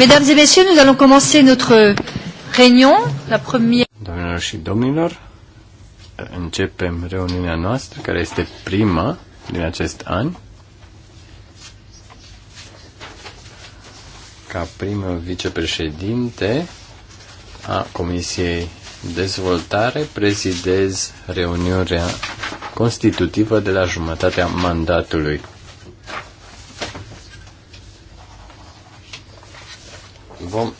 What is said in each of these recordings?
Mesdames et messieurs, nous allons commencer notre réunion, la première. Domnilor și domnilor, începem reuniunea noastră, care este prima din acest an. Ca primul vicepreședinte a Comisiei Dezvoltare, prezidez reuniunea constitutivă de la jumătatea mandatului. vom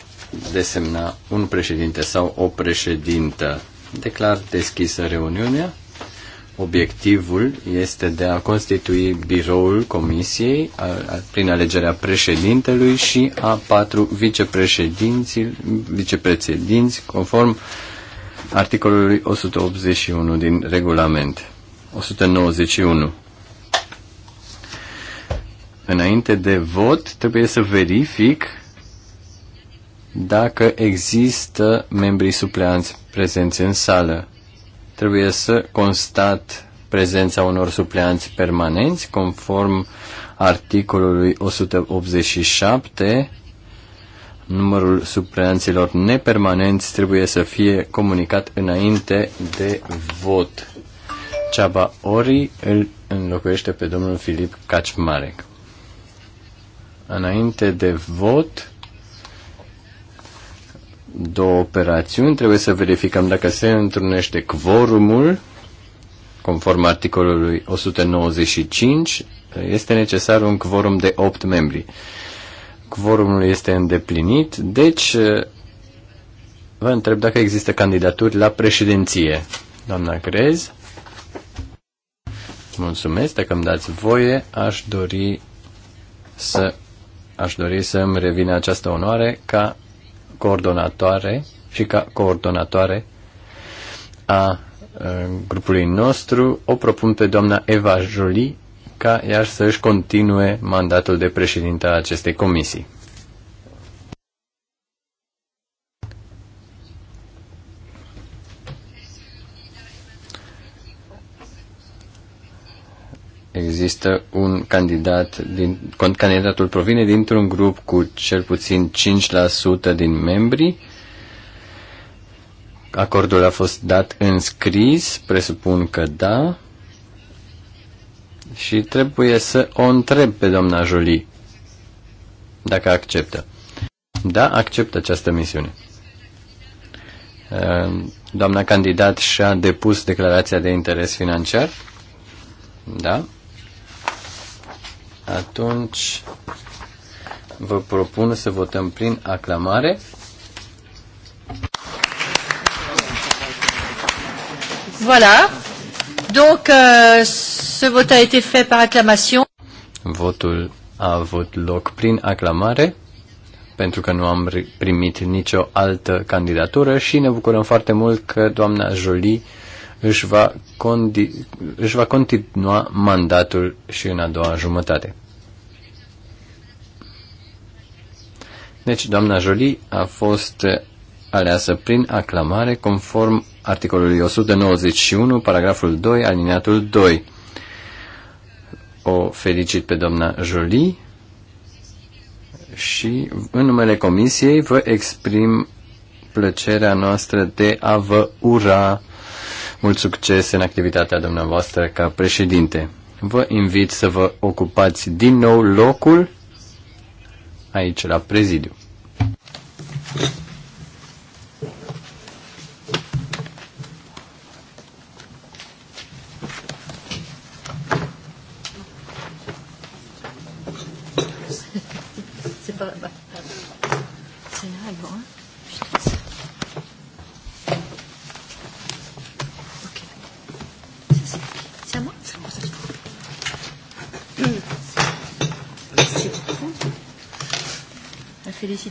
desemna un președinte sau o președintă. Declar deschisă reuniunea. Obiectivul este de a constitui biroul comisiei a, a, prin alegerea președintelui și a patru vicepreședinți, vicepreședinți conform articolului 181 din regulament. 191. Înainte de vot trebuie să verific dacă există membrii supleanți prezenți în sală. Trebuie să constat prezența unor supleanți permanenți conform articolului 187 numărul supleanților nepermanenți trebuie să fie comunicat înainte de vot. Ceaba Ori îl înlocuiește pe domnul Filip Kaczmarek. Înainte de vot, două operațiuni. Trebuie să verificăm dacă se întrunește quorumul conform articolului 195, este necesar un quorum de 8 membri. Quorumul este îndeplinit, deci vă întreb dacă există candidaturi la președinție. Doamna Grez, mulțumesc, dacă îmi dați voie, aș dori să aș dori să îmi revină această onoare ca coordonatoare și ca coordonatoare a grupului nostru, o propun pe doamna Eva Jolie ca iar să-și continue mandatul de președinte a acestei comisii. există un candidat, din, candidatul provine dintr-un grup cu cel puțin 5% din membri. Acordul a fost dat în scris, presupun că da. Și trebuie să o întreb pe doamna Jolie dacă acceptă. Da, acceptă această misiune. Uh, doamna candidat și-a depus declarația de interes financiar. Da. Atunci vă propun să votăm prin aclamare. Voilà. Donc, euh, ce vote a été fait par acclamation. Votul a avut loc prin aclamare, pentru că nu am primit nicio altă candidatură și ne bucurăm foarte mult că doamna Jolie își va, condi- își va continua mandatul și în a doua jumătate. Deci, doamna Jolie a fost aleasă prin aclamare conform articolului 191, paragraful 2, alineatul 2. O felicit pe doamna Jolie și în numele comisiei vă exprim plăcerea noastră de a vă ura mult succes în activitatea dumneavoastră ca președinte. Vă invit să vă ocupați din nou locul aici la prezidiu.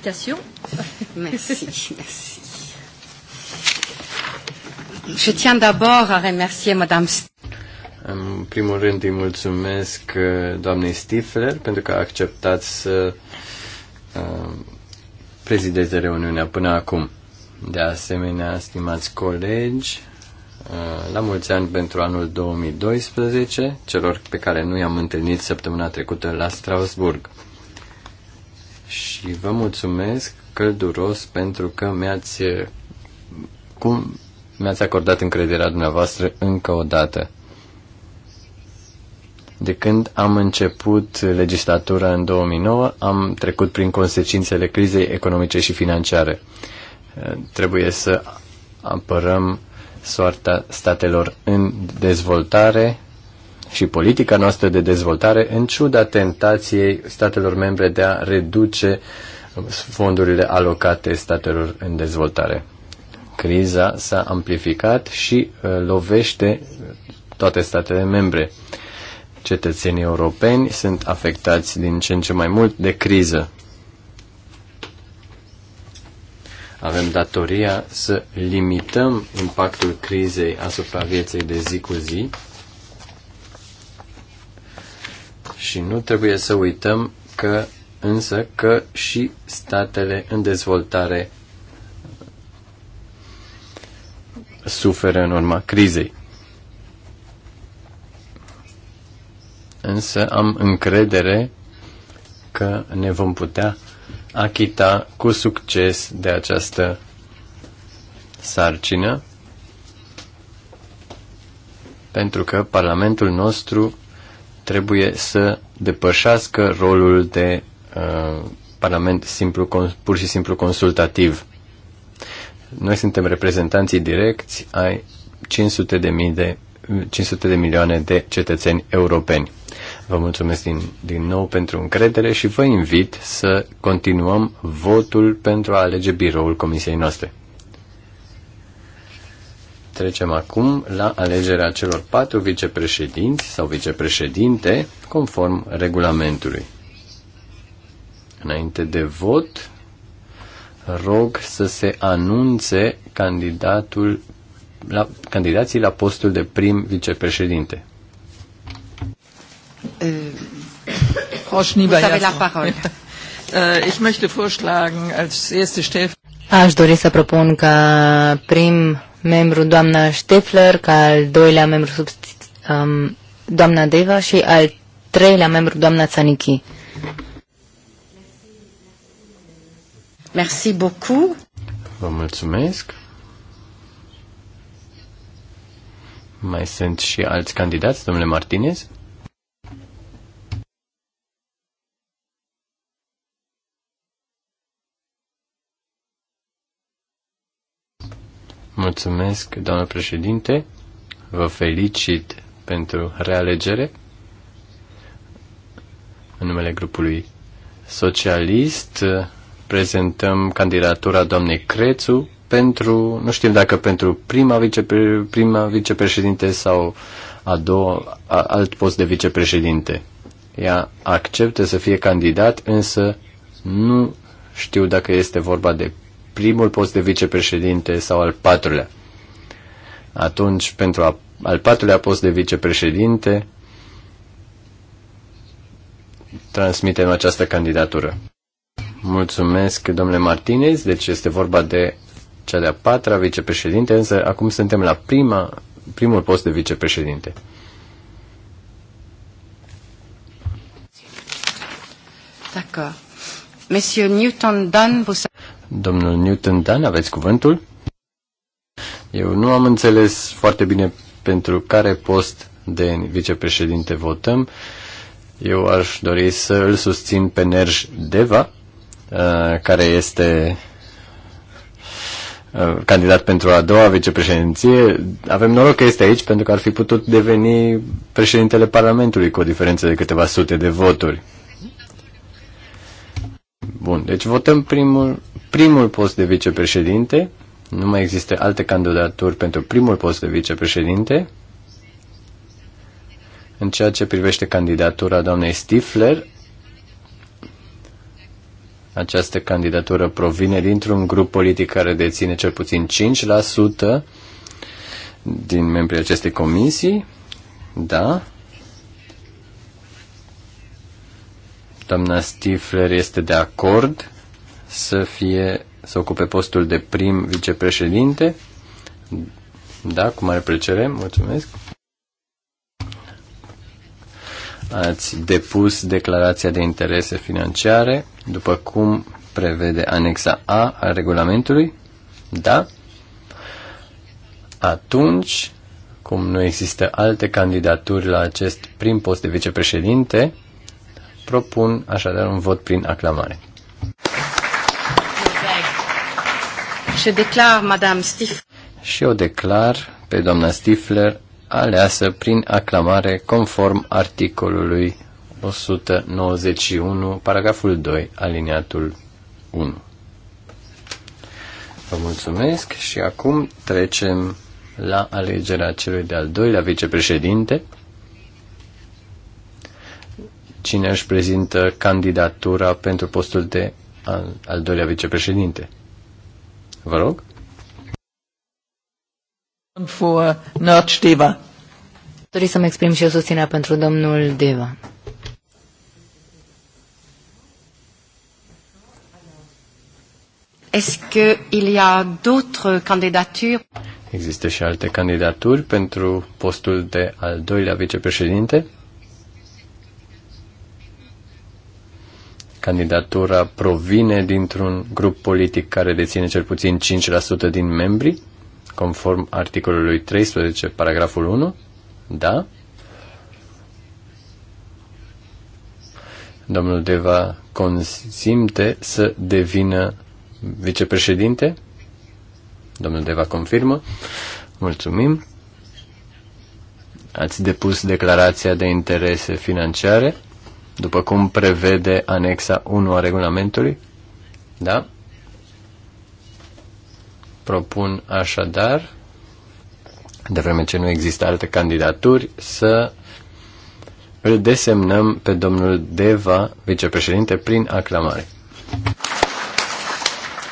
Félicitations. Merci, merci. Je tiens d'abord à remercier Madame În primul rând îi mulțumesc uh, doamnei Stifler pentru că a acceptat să uh, prezideze reuniunea până acum. De asemenea, stimați colegi, uh, la mulți ani pentru anul 2012, celor pe care nu i-am întâlnit săptămâna trecută la Strasburg și vă mulțumesc călduros pentru că mi-ați cum mi-ați acordat încrederea dumneavoastră încă o dată. De când am început legislatura în 2009, am trecut prin consecințele crizei economice și financiare. Trebuie să apărăm soarta statelor în dezvoltare și politica noastră de dezvoltare în ciuda tentației statelor membre de a reduce fondurile alocate statelor în dezvoltare. Criza s-a amplificat și uh, lovește toate statele membre. Cetățenii europeni sunt afectați din ce în ce mai mult de criză. Avem datoria să limităm impactul crizei asupra vieții de zi cu zi Și nu trebuie să uităm că însă că și statele în dezvoltare suferă în urma crizei. Însă am încredere că ne vom putea achita cu succes de această sarcină, pentru că Parlamentul nostru trebuie să depășească rolul de uh, parlament simplu, pur și simplu consultativ. Noi suntem reprezentanții direcți ai 500 de, mii de, 500 de milioane de cetățeni europeni. Vă mulțumesc din, din nou pentru încredere și vă invit să continuăm votul pentru a alege biroul comisiei noastre. Trecem acum la alegerea celor patru vicepreședinți sau vicepreședinte conform regulamentului. Înainte de vot, rog să se anunțe candidatul la, candidații la postul de prim vicepreședinte. Äh, Aș dori să propun ca prim membru doamna Steffler, ca al doilea membru um, doamna Deva și al treilea membru doamna Țanichi. Merci beaucoup. Vă mulțumesc. Mai sunt și alți candidați, domnule Martinez? Mulțumesc, doamnă președinte. Vă felicit pentru realegere în numele grupului socialist. Prezentăm candidatura doamnei Crețu pentru, nu știm dacă pentru prima, vicepre, prima vicepreședinte sau a doua, a, alt post de vicepreședinte. Ea acceptă să fie candidat, însă nu știu dacă este vorba de primul post de vicepreședinte sau al patrulea. Atunci, pentru a, al patrulea post de vicepreședinte, transmitem această candidatură. Mulțumesc, domnule Martinez. Deci este vorba de cea de-a patra vicepreședinte, însă acum suntem la prima, primul post de vicepreședinte. D'accord. Monsieur Newton Dunn, vous... Domnul Newton Dan, aveți cuvântul? Eu nu am înțeles foarte bine pentru care post de vicepreședinte votăm. Eu aș dori să îl susțin pe Nerj Deva, uh, care este uh, candidat pentru a doua vicepreședinție. Avem noroc că este aici pentru că ar fi putut deveni președintele Parlamentului cu o diferență de câteva sute de voturi. Bun, deci votăm primul primul post de vicepreședinte, nu mai există alte candidaturi pentru primul post de vicepreședinte. În ceea ce privește candidatura doamnei Stifler, această candidatură provine dintr-un grup politic care deține cel puțin 5% din membrii acestei comisii. Da. Doamna Stifler este de acord să fie să ocupe postul de prim vicepreședinte. Da, cu mare plăcere, mulțumesc. Ați depus declarația de interese financiare, după cum prevede anexa A a regulamentului? Da? Atunci, cum nu există alte candidaturi la acest prim post de vicepreședinte, propun așadar un vot prin aclamare. Je déclare Madame și o declar pe doamna Stifler aleasă prin aclamare conform articolului 191, paragraful 2, aliniatul 1. Vă mulțumesc și acum trecem la alegerea celui de-al doilea vicepreședinte. Cine își prezintă candidatura pentru postul de al, al doilea vicepreședinte? Vă rog. For uh, Dori să-mi exprim și eu susținerea pentru domnul Deva. Est-ce qu'il y a d'autres candidatures? Există și alte candidaturi pentru postul de al doilea vicepreședinte? candidatura provine dintr-un grup politic care deține cel puțin 5% din membri, conform articolului 13, paragraful 1? Da? Domnul Deva consimte să devină vicepreședinte? Domnul Deva confirmă. Mulțumim. Ați depus declarația de interese financiare? după cum prevede anexa 1 a regulamentului. Da? Propun așadar, de vreme ce nu există alte candidaturi, să îl desemnăm pe domnul Deva, vicepreședinte, prin aclamare.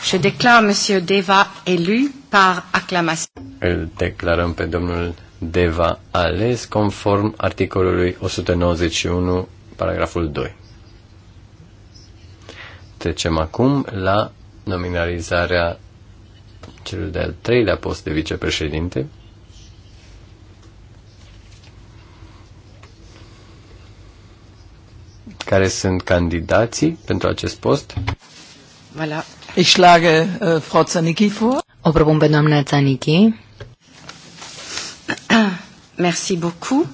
Je déclare monsieur Deva élu par acclamation. Îl declarăm pe domnul Deva ales conform articolului 191 paragraful 2. Trecem acum la nominalizarea celui de-al treilea post de vicepreședinte. Care sunt candidații pentru acest post? Voilà. Ich schlage uh, Frau Zanicki vor. O propun pe doamna Zanicki. Merci beaucoup.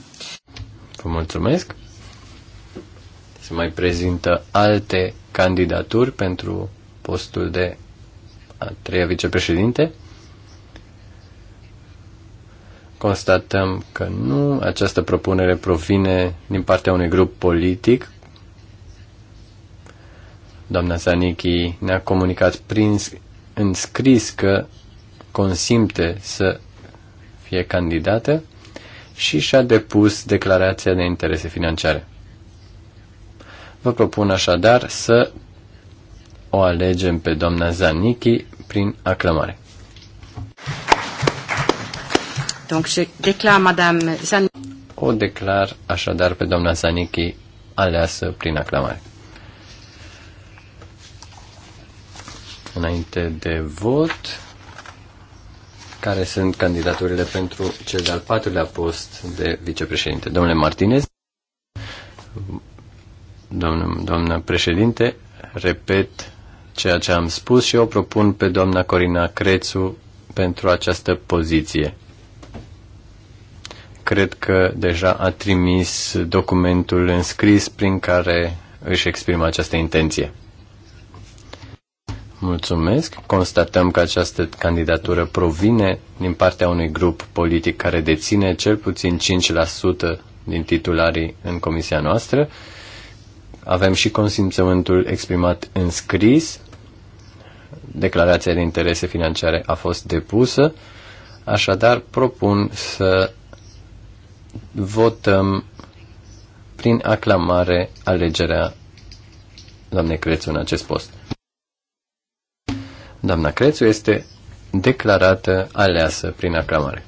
Vă mulțumesc. Se mai prezintă alte candidaturi pentru postul de a treia vicepreședinte? Constatăm că nu, această propunere provine din partea unui grup politic. Doamna Zanichi ne-a comunicat prin înscris că consimte să fie candidată și și-a depus declarația de interese financiare. Vă propun așadar să o alegem pe doamna Zanichi prin aclamare. Donc je déclare madame Zan... O declar așadar pe doamna Zanichi aleasă prin aclamare. Înainte de vot, care sunt candidaturile pentru cel de-al patrulea post de vicepreședinte? Domnule Martinez? doamnă, doamnă președinte. Repet ceea ce am spus și eu propun pe doamna Corina Crețu pentru această poziție. Cred că deja a trimis documentul înscris prin care își exprimă această intenție. Mulțumesc. Constatăm că această candidatură provine din partea unui grup politic care deține cel puțin 5% din titularii în comisia noastră avem și consimțământul exprimat în scris. Declarația de interese financiare a fost depusă. Așadar, propun să votăm prin aclamare alegerea doamnei Crețu în acest post. Doamna Crețu este declarată aleasă prin aclamare.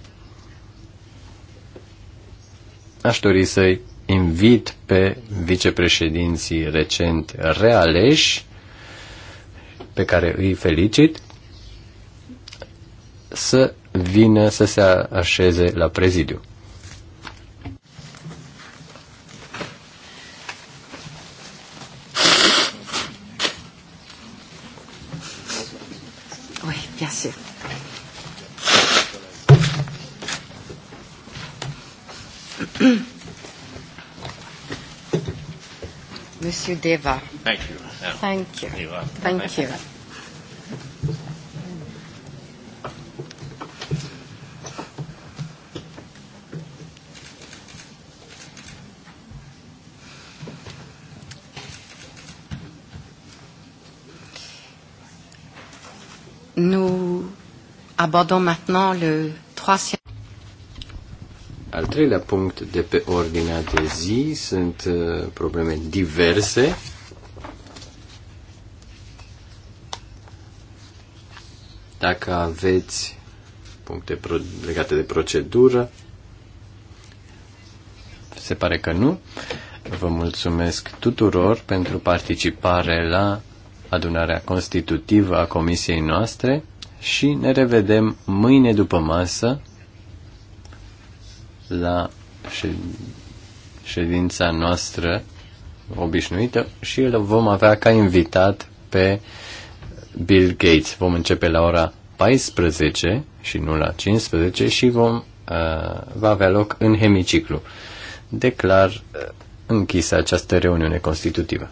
Aș dori să-i invit pe vicepreședinții recent realeși, pe care îi felicit, să vină să se așeze la prezidiu. Mm-hmm. Monsieur Deva. Thank you. Yeah. Thank you. Deva. Thank you. Nous abordons maintenant le troisième. Al treilea punct de pe ordinea de zi sunt uh, probleme diverse. Dacă aveți puncte legate de procedură, se pare că nu. Vă mulțumesc tuturor pentru participare la adunarea constitutivă a comisiei noastre și ne revedem mâine după masă la ședința noastră obișnuită și îl vom avea ca invitat pe Bill Gates. Vom începe la ora 14 și nu la 15 și vom, uh, va avea loc în hemiciclu. Declar uh, închisă această reuniune constitutivă.